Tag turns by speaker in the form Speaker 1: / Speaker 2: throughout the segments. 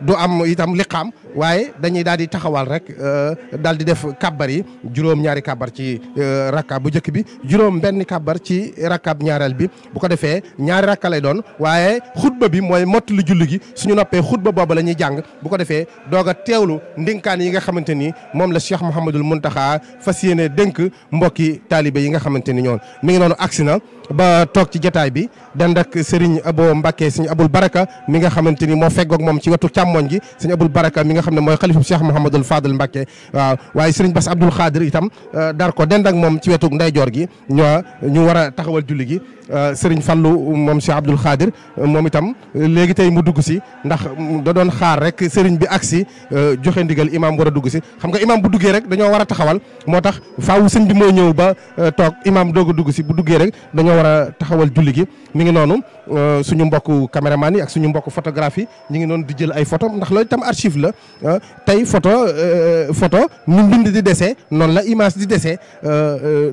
Speaker 1: du am itam liqaam waaye dañuy daal di taxawal rek euh, daal di def kàbbar yi juróom ñaari kàbbar ci euh, rakkaab bu njëkk bi juróom benn kabar ci rakkaab ñaareel bi bu ko defee ñaari rakka lay doon waaye xutba bi mooy mott lu julli gi suñu noppee xutba boobu la ñuy jàng bu ko defee doog a teewlu ndénkaan yi nga xamante ni moom la Cheikh Mouhamadul Mountakha fas yéene dénk mbokki taalibe yi nga xamante ni ñoon mi ngi noonu agsi na ba toog ci jataay bi dend ak Serigne Abo Mbacke Serigne Abul Baraka mi nga xamante ni moo feggoog moom ci wetu càmmoñ gi Serigne Abul Baraka mi nga xam ne mooy xalifam Cheikh Mouhamadul Fadal Mbacke waaw waaye Serigne Bass Abdoul Khadir itam euh, dar ko dend ak moom ci wetu ndeyjoor gi ñoo ñu war a taxawal julli gi euh, Serigne Fallou moom Cheikh Abdoul Khadir moom itam léegi tey mu dugg si ndax da doon xaar rek Serigne bi agsi euh, joxe ndigal imaam war dugg si xam nga imaam bu duggee rek dañoo war a taxawal moo tax faaw sëñ moo ñëw ba toog imaam doog a si bu duggee rek war a taxawal julli gi mi ngi noonu euh, suñu mbokk caméraman yi ak suñu mbokk photographe yi ñu ngi noonu di jël ay photo ndax loolu itam archive la euh, tey photo euh, photo ñu mbind di dese noonu la image di desee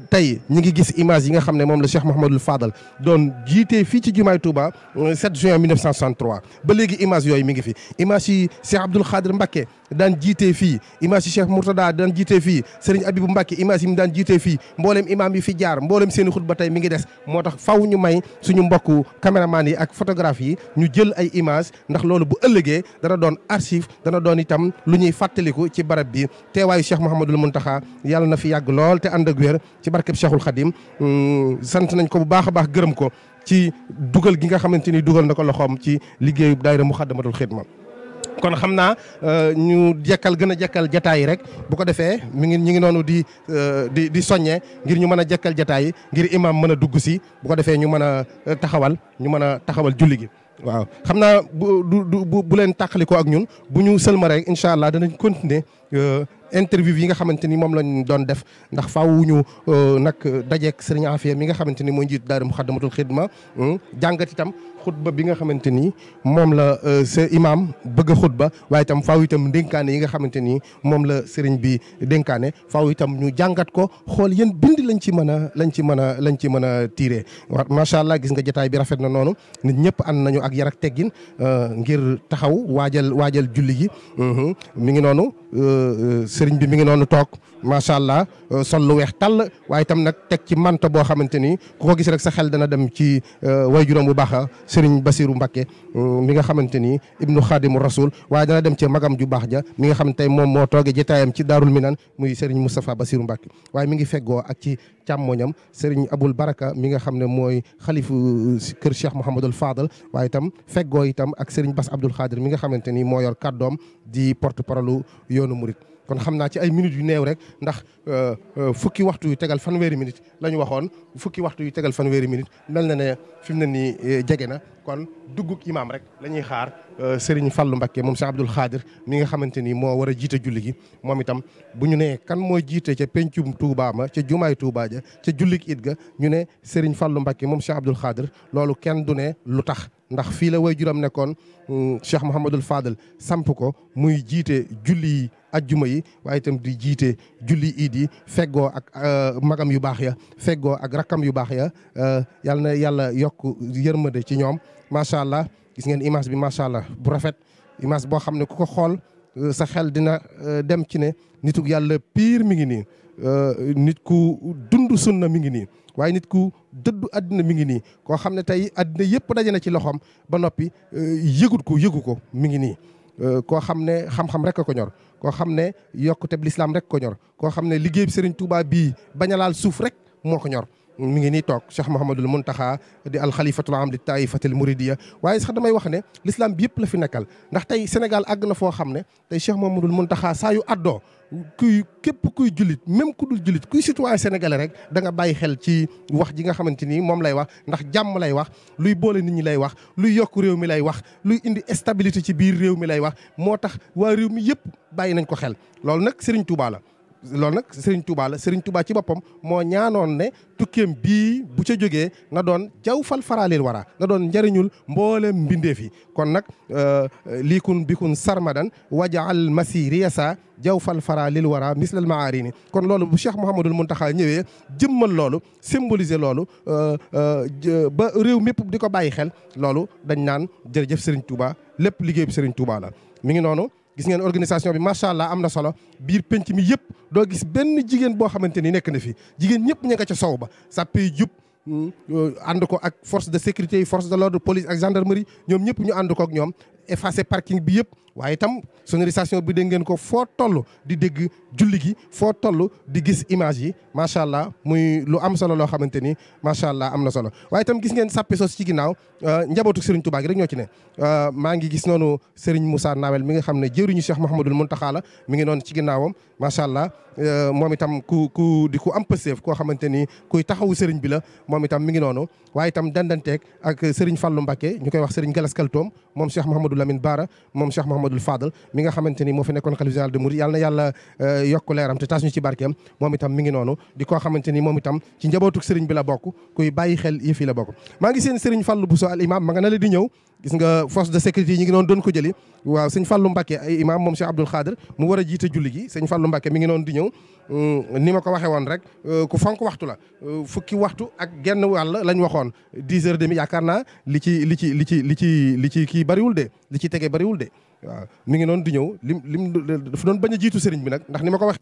Speaker 1: tey ñu ngi gis image yi nga xam ne moom la Cheikh Mouhamadul Fadal doon jiitee fii ci jumaay Touba 7 juin 1963 ba léegi image yooyu mi ngi fi image yi Cheikh Abdoul Khadir Mbacké daan jiite fii image yi Cheikh Mourtada daan jiite fii Serigne Abibou Mbacke image yi mu daan jiitee fii mboolem imam yi fi jaar mboolem seen i xutba tey mi ngi des moo tax faw ñu may suñu mbokku caméraman yi ak photographe yi ñu jël ay image ndax loolu bu ëllëgee dana doon archive dana doon itam lu ñuy fàttaliku ci barab bi teewaayu Cheikh Mouhamadul Mountakha yàlla na fi yàgg lool te ànd ak wér ci barkeb Cheikhul Khadim hmm, sant nañ ko bu baax a baax gërëm ko ci dugal gi nga xamante ni dugal na ko loxoom ci liggéeyu daayira Muxaddamatul Xidma kon xam naa euh, ñu jekkal gën a jekkal jataay yi rek bu ko defee mi ngi ñu ngi noonu di euh, di di soññee ngir ñu mën a jekkal jataay ngir imam mën a dugg si bu ko defee ñu mën a euh, taxawal ñu mën a taxawal julli gi waaw xam naa bu bu bu leen tàqalikoo ak ñun bu ñu sëlma rek incha allah danañ continuer interview yi nga xamante ni moom lañ doon def ndax faawuñu euh, nag euh, dajeek sëriñ Afia mi nga xamante ni mooy njiit daara Muxaddamatul Xidma hmm, jàngat itam xutba bi nga xamante ni moom la euh, sa imaam bëgg a xutba waaye itam faaw itam dénkaane yi nga xamante ni moom la sëriñ bi dénkaane faaw itam ñu jàngat ko xool yéen bind lañ ci mën a lañ ci mën a lañ ci mën a tiire macha allah gis nga jotaay bi rafet na noonu nit ñëpp ànd nañu ak yar ak teggin ngir taxaw waajal waajal julli gi hmm, ngi noonu sëriñ bi mi ngi noonu toog macha allah euh, sol lu weex tàll waaye tam nag teg ci manta boo xamante ni ku ko gis rek sa xel dana dem ci euh, waajuram bu baax a sëriñ Basiru Mbakke euh, mi nga xamante ni ibnu xaadimu rasul waaye dana dem ci magam ju baax ja mi nga xam tey moom moo toogee jotaayam ci daarul minan muy sëriñ Moustapha Basiru Mbakke waaye mi ngi feggoo ak ci càmmoñam sëriñ Abul Baraka mi nga xam ne mooy xalifu kër Cheikh Mouhamadul Fadal waaye itam feggoo itam ak sëriñ Bas Abdul Xaadir mi nga xamante ni moo yor kàddoom di porte parole yoonu murit kon xam naa ci ay minutes yu néew rek ndax euh, euh, fukki waxtu yu tegal fanweeri minutes la ñu waxoon fukki waxtu yu tegal fanweeri minutes mel na ne fi mu ne nii euh, jege na kon duggug imaam rek la ñuy xaar Serigne Fallou Mbacké moom Cheikh Abdoul Khadir mi nga xamante ni moo war a jiite julli gi moom itam bu ñu nee kan mooy jiite ca pencum Touba ma ca jumaay Touba ja ca jullig it ga ñu ne Serigne Fallou Mbacké moom Cheikh Abdoul Khadir loolu kenn du ne lu tax ndax fii la way juram nekkoon mm, Cheikh Mouhamadul Fadel samp ko muy jiite julli yi ajjuma yi waaye itam di jiite julli iid yi feggoo ak euh, magam yu baax ya feggoo ak rakkam yu baax ya euh, yàlla na yàlla yokk yërmande ci ñoom macha allah gis ngeen image bi macha allah bu rafet image boo xam ne ku ko xool euh, sa xel dina dem ci ne nituk yàlla pire mi ngi nii Euh, nit ku dund sunna mi ngi nii waaye nit ku dëdd àddina mi ngi nii koo xam ne tey àddina yëpp daje na ci loxoom ba noppi euh, yëgut ko yëgu ko mi ngi nii euh, koo xam ne xam-xam rek ko ñor koo xam ne yokkuteb lislaam rek ko ñor koo xam ne liggéey bi seriñ Tuubaa bii bañ a laal suuf rek moo ko ñor mi ngi nii toog Cheikh Mouhamadul Mountakha di alxalifatul am di taifatil muridiya waaye sax damay wax ne l'islam bi yëpp la fi nekkal ndax tey Sénégal àgg na foo xam ne tey Cheikh Mouhamadul Mountakha saa yu addoo kuy képp kuy jullit même ku dul jullit kuy citoyen sénégalais rek danga bàyyi xel ci wax ji nga xamante ni moom lay wax ndax jàmm lay wax luy boole nit ñi lay wax luy yokk réew mi lay wax luy indi stabilité ci biir réew mi lay wax moo tax waa réew mi yëpp bàyyi nañ ko xel loolu nag Serigne Touba la. loolu nag Serigne Touba la Serigne ci boppam moo ñaanoon ne tukkeem bii bu ca jógee na doon jaw fal faraalil wara na doon njëriñul mboolem mbindeef yi kon nag euh, liikun bikun sarmadan wajaal masiri yasa jaw fal faraalil wara mislal maarini kon loolu bu Cheikh mun Mountakha ñëwee jëmmal loolu symboliser loolu euh, euh, ba réew mépp di ko bàyyi xel loolu dañ naan jërëjëf Serigne Touba lépp liggéey bi Serigne Touba la mi ngi noonu gis ngeen organisation bi macha allah am na solo biir penc mi yëpp doo gis benn jigéen boo xamante ni nekk na fi jigéen ñëpp ñu nga ca sow ba sàppi jub hmm, euh, ànd ko ak force de sécurité yi force de l'ordre police ak gendarmerie ñoom ñëpp ñu ànd ko ak ñoom effacé parking bi yëpp waaye itam sonorisation bi dégg ngeen ko foo toll di dégg julli gi foo toll di gis image yi macha allah muy lu am solo loo xamante ni macha allah am na solo waaye itam gis ngeen sappe sos ci ginnaaw euh, njabootu Serigne Touba gi rek ñoo ci ne. Euh, maa ngi gis noonu Serigne Moussa Nawel mi nga xam ne jëriñu Cheikh Mouhamadul Mountakha la mi ngi noonu ci ginnaawam macha allah euh, moom itam ku ku di ku am pëseef koo xamante ni kuy taxawu Serigne bi la moom itam mi ngi noonu waaye itam dandanteeg ak Serigne Fallou Mbacké ñu koy wax Serigne Galas Kaltoom moom Cheikh Mouhamadou Lamine Bara moom Cheikh Mouhamadou Mouhamadul Fadal mi nga xamante ni moo fi nekkoon xalif général de Mouride yàlla na euh, yokk leeram te tas ci barkeem moom itam mi ngi noonu di koo xamante ni moom itam ci njabootuk sëriñ bi la bokk kuy bàyyi xel yëf yi la bokk maa ngi seen sëriñ Fallou Bousso al imam ma nga na la di ñëw gis force de sécurité yi ngi noonu doon ko jëli waaw sëñ Fallou Mbacké ay imam moom Cheikh Abdoul Khadir mu war a jiite julli gi sëñ mi ngi noonu di ñëw mm, ni ma rek euh, ku fonk waxtu la euh, fukki waxtu ak genn wàll lañ waxoon dix heures waaw mi ngi noonu di ñëw lim lim dafa doon bañ a jiitu sëriñ bi nag ndax ni ma ko waxee.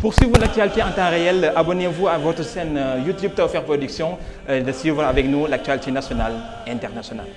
Speaker 1: Pour suivre l'actualité en temps réel, abonnez-vous à votre chaîne euh, YouTube Tawfekh Production euh, et de suivre avec nous l'actualité nationale et internationale.